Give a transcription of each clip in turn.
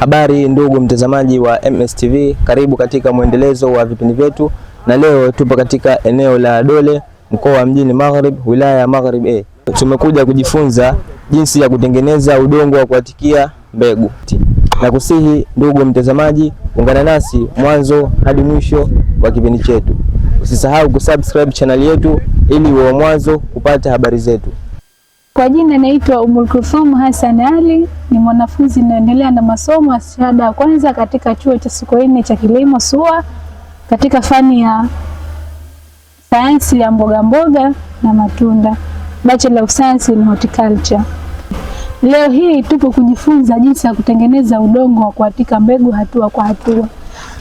Habari ndugu mtazamaji wa MSTV, karibu katika mwendelezo wa vipindi vyetu, na leo tupo katika eneo la Dole, mkoa wa Mjini Magharibi, wilaya ya Magharibi A. Tumekuja kujifunza jinsi ya kutengeneza udongo wa kuatikia mbegu, na kusihi ndugu mtazamaji, ungana nasi mwanzo hadi mwisho wa kipindi chetu. Usisahau kusubscribe channel yetu ili uwe mwanzo kupata habari zetu. Kwa jina naitwa Umulkuthum Hassan Ali, ni mwanafunzi naendelea na masomo ya shahada ya kwanza katika chuo cha Sokoine cha kilimo SUA katika fani ya sayansi ya mboga mboga na matunda, Bachelor of Science in Horticulture. Leo hii tupo kujifunza jinsi ya kutengeneza udongo wa kuatika mbegu hatua kwa hatua.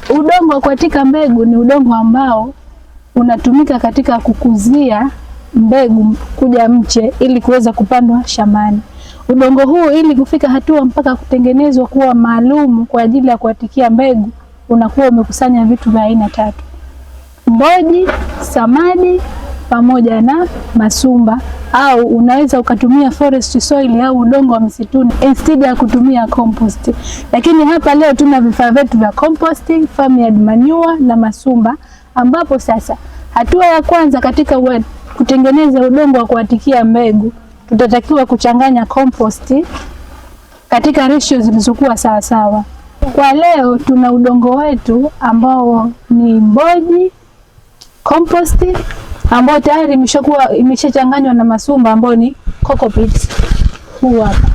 Udongo wa kuatika mbegu ni udongo ambao unatumika katika kukuzia mbegu kuja mche ili kuweza kupandwa shambani. Udongo huu ili kufika hatua mpaka kutengenezwa kuwa maalumu kwa ajili ya kuatikia mbegu unakuwa umekusanya vitu vya aina tatu: mboji, samadi pamoja na masumba, au unaweza ukatumia forest soil au udongo wa msituni instead ya kutumia compost. Lakini hapa leo tuna vifaa vyetu vya composting, farmyard manure na masumba, ambapo sasa hatua ya kwanza katika Kutengeneza udongo wa kuatikia mbegu, tutatakiwa kuchanganya compost katika ratio zilizokuwa sawasawa. Kwa leo tuna udongo wetu ambao ni mboji compost ambayo tayari imeshakuwa imeshachanganywa na masumba ambayo ni cocopeat huu hapa.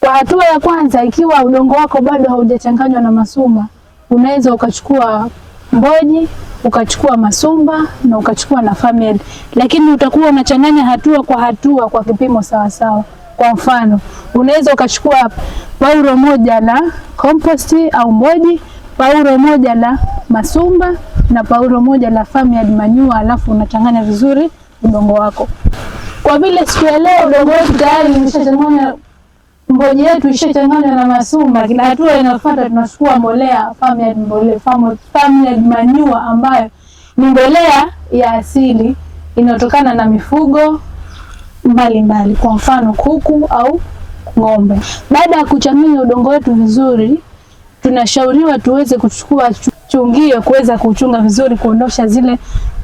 Kwa hatua ya kwanza, ikiwa udongo wako bado haujachanganywa na masumba, unaweza ukachukua mboji ukachukua Masumba na ukachukua na FAMED, lakini utakuwa unachanganya hatua kwa hatua kwa kipimo sawasawa. Kwa mfano, unaweza ukachukua pauro moja la compost au mboji, pauro moja la Masumba na pauro moja la FAMED manyua, alafu unachanganya vizuri udongo wako. Kwa vile siku ya leo udongo wetu tayari umeshachanganywa mboji yetu ishachanganywa na masumba Kila hatua inayofuata tunachukua mbolea farmyard, mbolea farmyard manure ambayo ni mbolea ya asili inayotokana na mifugo mbalimbali, kwa mfano kuku au ng'ombe. Baada ya kuchanganya udongo wetu vizuri, tunashauriwa tuweze kuchukua chungio kuweza kuchunga vizuri, kuondosha zile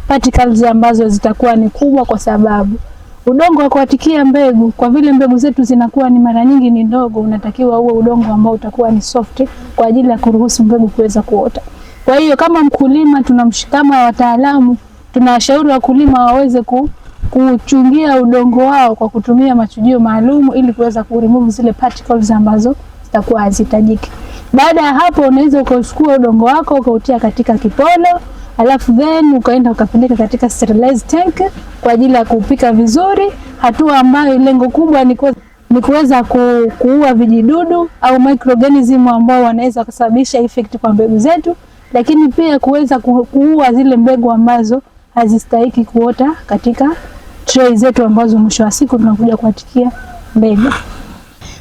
particles ambazo zitakuwa ni kubwa, kwa sababu udongo wa kuatikia mbegu, kwa vile mbegu zetu zinakuwa ni mara nyingi ni ndogo, unatakiwa uwe udongo ambao utakuwa ni soft kwa ajili ya kuruhusu mbegu kuweza kuota. Kwa hiyo kama mkulima tunamshikama, wataalamu tunawashauri wakulima waweze ku, kuchungia udongo wao kwa kutumia machujio maalum ili kuweza kurimove zile particles ambazo zitakuwa hazitajiki. Baada ya hapo, unaweza ukachukua udongo wako ukautia katika kipolo alafu then ukaenda ukapeleka katika sterilized tank kwa ajili ya kupika vizuri, hatua ambayo lengo kubwa ni ni kuweza ku, kuua vijidudu au microorganism ambao wanaweza wakasababisha effect kwa mbegu zetu, lakini pia kuweza ku, kuua zile mbegu ambazo hazistahiki kuota katika tray zetu ambazo mwisho wa siku tunakuja kuatikia mbegu.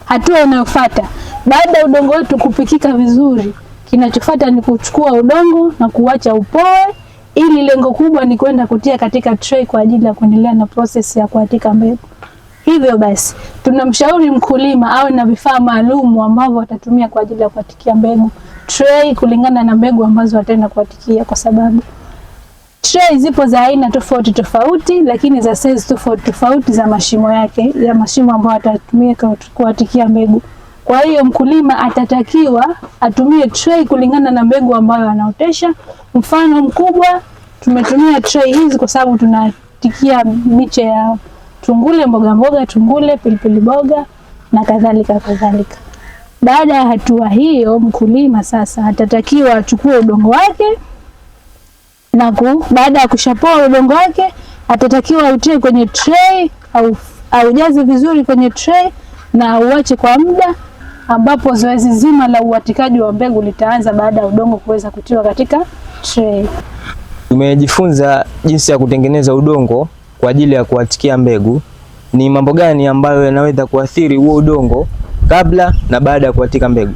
Hatua inayofuata baada ya udongo wetu kupikika vizuri Kinachofuata ni kuchukua udongo na kuacha upoe, ili lengo kubwa ni kwenda kutia katika tray kwa ajili ya kuendelea na process ya kuatika mbegu. Hivyo basi tunamshauri mkulima awe na vifaa maalum ambavyo atatumia kwa ajili ya kuatikia mbegu, tray kulingana na mbegu ambazo ataenda kuatikia, kwa sababu tray zipo za aina tofauti tofauti, lakini za size tofauti tofauti za mashimo yake ya mashimo ambayo atatumia kuatikia mbegu. Kwa hiyo mkulima atatakiwa atumie trei kulingana na mbegu ambayo anaotesha. Mfano mkubwa tumetumia trei hizi kwa sababu tunatikia miche ya tungule, mboga mboga, tungule, pilipili boga na kadhalika kadhalika. Baada ya hatua hiyo, mkulima sasa atatakiwa achukue udongo wake na ku, baada ya kushapoa udongo wake atatakiwa autie kwenye trei au aujaze vizuri kwenye trei na auache kwa muda ambapo zoezi zima la uwatikaji wa mbegu litaanza baada ya udongo kuweza kutiwa katika tray. Tumejifunza jinsi ya kutengeneza udongo kwa ajili ya kuwatikia mbegu. Ni mambo gani ambayo yanaweza kuathiri huo udongo kabla na baada ya kuwatika mbegu?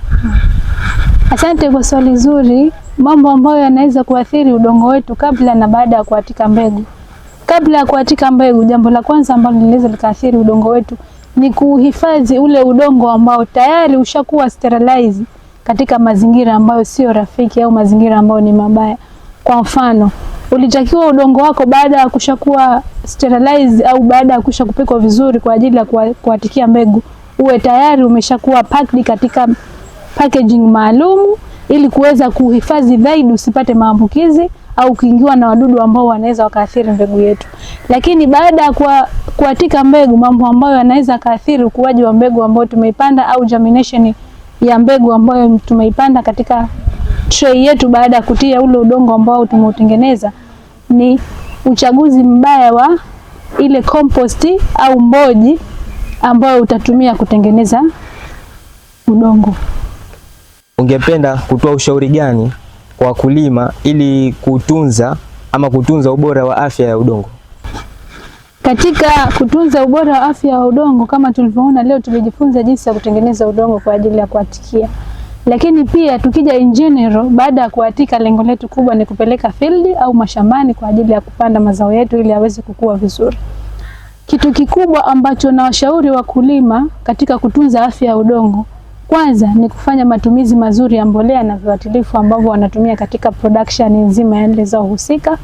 Asante kwa swali zuri. Mambo ambayo yanaweza kuathiri udongo wetu kabla na baada ya kuwatika mbegu. Kabla ya kuwatika mbegu, jambo la kwanza ambalo linaweza likaathiri udongo wetu ni kuhifadhi ule udongo ambao tayari ushakuwa sterilize katika mazingira ambayo sio rafiki au mazingira ambayo ni mabaya. Kwa mfano, ulitakiwa udongo wako baada ya kushakuwa sterilize au baada ya kusha kupikwa vizuri kwa ajili ya kuatikia mbegu uwe tayari umeshakuwa packed katika packaging maalum ili kuweza kuhifadhi zaidi usipate maambukizi au kuingiwa na wadudu ambao wanaweza wakaathiri mbegu yetu. Lakini baada ya kuatika mbegu, mambo ambayo yanaweza kaathiri ukuaji wa mbegu ambayo tumeipanda au germination ya mbegu ambayo tumeipanda katika tray yetu baada ya kutia ule udongo ambao tumeutengeneza ni uchaguzi mbaya wa ile compost au mboji ambayo utatumia kutengeneza udongo. Ungependa kutoa ushauri gani wakulima ili kutunza ama kutunza ubora wa afya ya udongo. Katika kutunza ubora wa afya ya udongo, kama tulivyoona leo, tumejifunza jinsi ya kutengeneza udongo kwa ajili ya kuatikia, lakini pia tukija in general, baada ya kuatika, lengo letu kubwa ni kupeleka field au mashambani kwa ajili ya kupanda mazao yetu ili yaweze kukua vizuri. Kitu kikubwa ambacho nawashauri wakulima katika kutunza afya ya udongo kwanza ni kufanya matumizi mazuri ya mbolea na viuatilifu ambavyo wanatumia katika production nzima ya zao husika,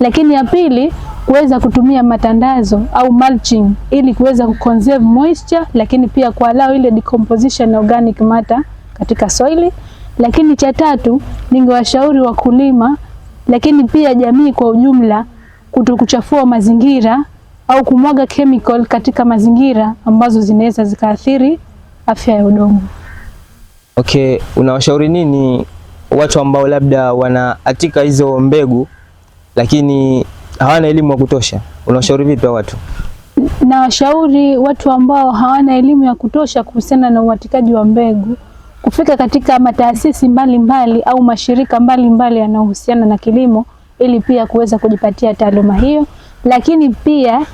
lakini ya pili kuweza kutumia matandazo au mulching ili kuweza kuconserve moisture, lakini pia kuallow ile decomposition ya organic matter katika soil. Lakini cha tatu, ningewashauri wakulima, lakini pia jamii kwa ujumla, kutokuchafua mazingira au kumwaga chemical katika mazingira ambazo zinaweza zikaathiri afya ya udongo. Okay, unawashauri nini watu ambao labda wanaatika hizo mbegu lakini hawana elimu ya kutosha? Unawashauri vipi watu? Na washauri watu ambao hawana elimu ya kutosha kuhusiana na uatikaji wa mbegu kufika katika mataasisi mbalimbali au mashirika mbalimbali yanayohusiana na kilimo ili pia kuweza kujipatia taaluma hiyo, lakini pia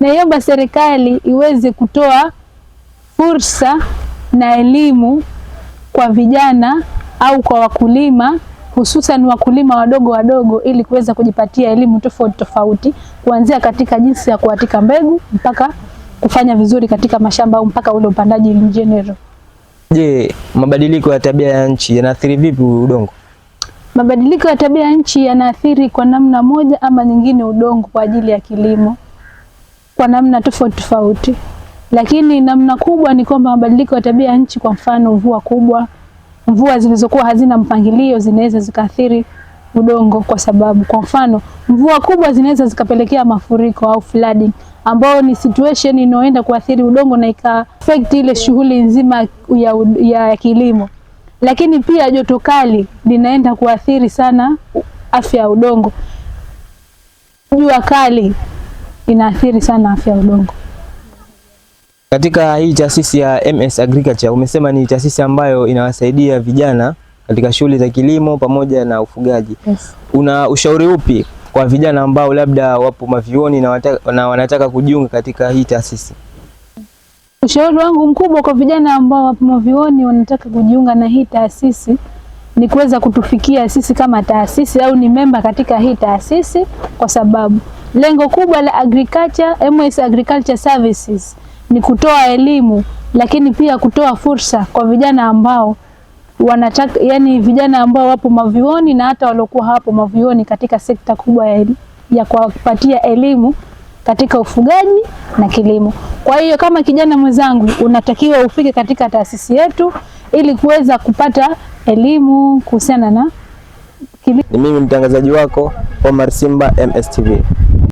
naiomba serikali iweze kutoa fursa na elimu kwa vijana au kwa wakulima hususan wakulima wadogo wadogo, ili kuweza kujipatia elimu tofauti tofauti, kuanzia katika jinsi ya kuatika mbegu mpaka kufanya vizuri katika mashamba au mpaka ule upandaji in general. Je, mabadiliko ya tabia ya nchi yanaathiri vipi udongo? Mabadiliko ya tabia ya nchi yanaathiri kwa namna moja ama nyingine udongo kwa ajili ya kilimo kwa namna tofauti tofauti. Lakini namna kubwa ni kwamba mabadiliko ya tabia ya nchi, kwa mfano mvua kubwa, mvua zilizokuwa hazina mpangilio zinaweza zikaathiri udongo, kwa sababu kwa mfano mvua kubwa zinaweza zikapelekea mafuriko au flooding, ambao ni situation inayoenda kuathiri udongo na ika affect ile shughuli nzima ya, ya, ya kilimo. Lakini pia joto kali linaenda kuathiri sana afya ya udongo. Jua kali inaathiri sana afya ya udongo. Katika hii taasisi ya MS Agriculture umesema ni taasisi ambayo inawasaidia vijana katika shughuli za kilimo pamoja na ufugaji. Yes. Una ushauri upi kwa vijana ambao labda wapo mavioni na, wataka, na wanataka kujiunga katika hii taasisi? Ushauri wangu mkubwa kwa vijana ambao wapo mavioni wanataka kujiunga na hii taasisi ni kuweza kutufikia sisi kama taasisi au ni memba katika hii taasisi, kwa sababu lengo kubwa la agriculture, MS Agriculture Services ni kutoa elimu, lakini pia kutoa fursa kwa vijana ambao wanataka, yani vijana ambao wapo mavioni na hata waliokuwa hapo mavioni katika sekta kubwa ya, ya kuwapatia elimu katika ufugaji na kilimo. Kwa hiyo kama kijana mwenzangu, unatakiwa ufike katika taasisi yetu ili kuweza kupata elimu kuhusiana na kilimo. Ni mimi mtangazaji wako Omar Simba, MSTV.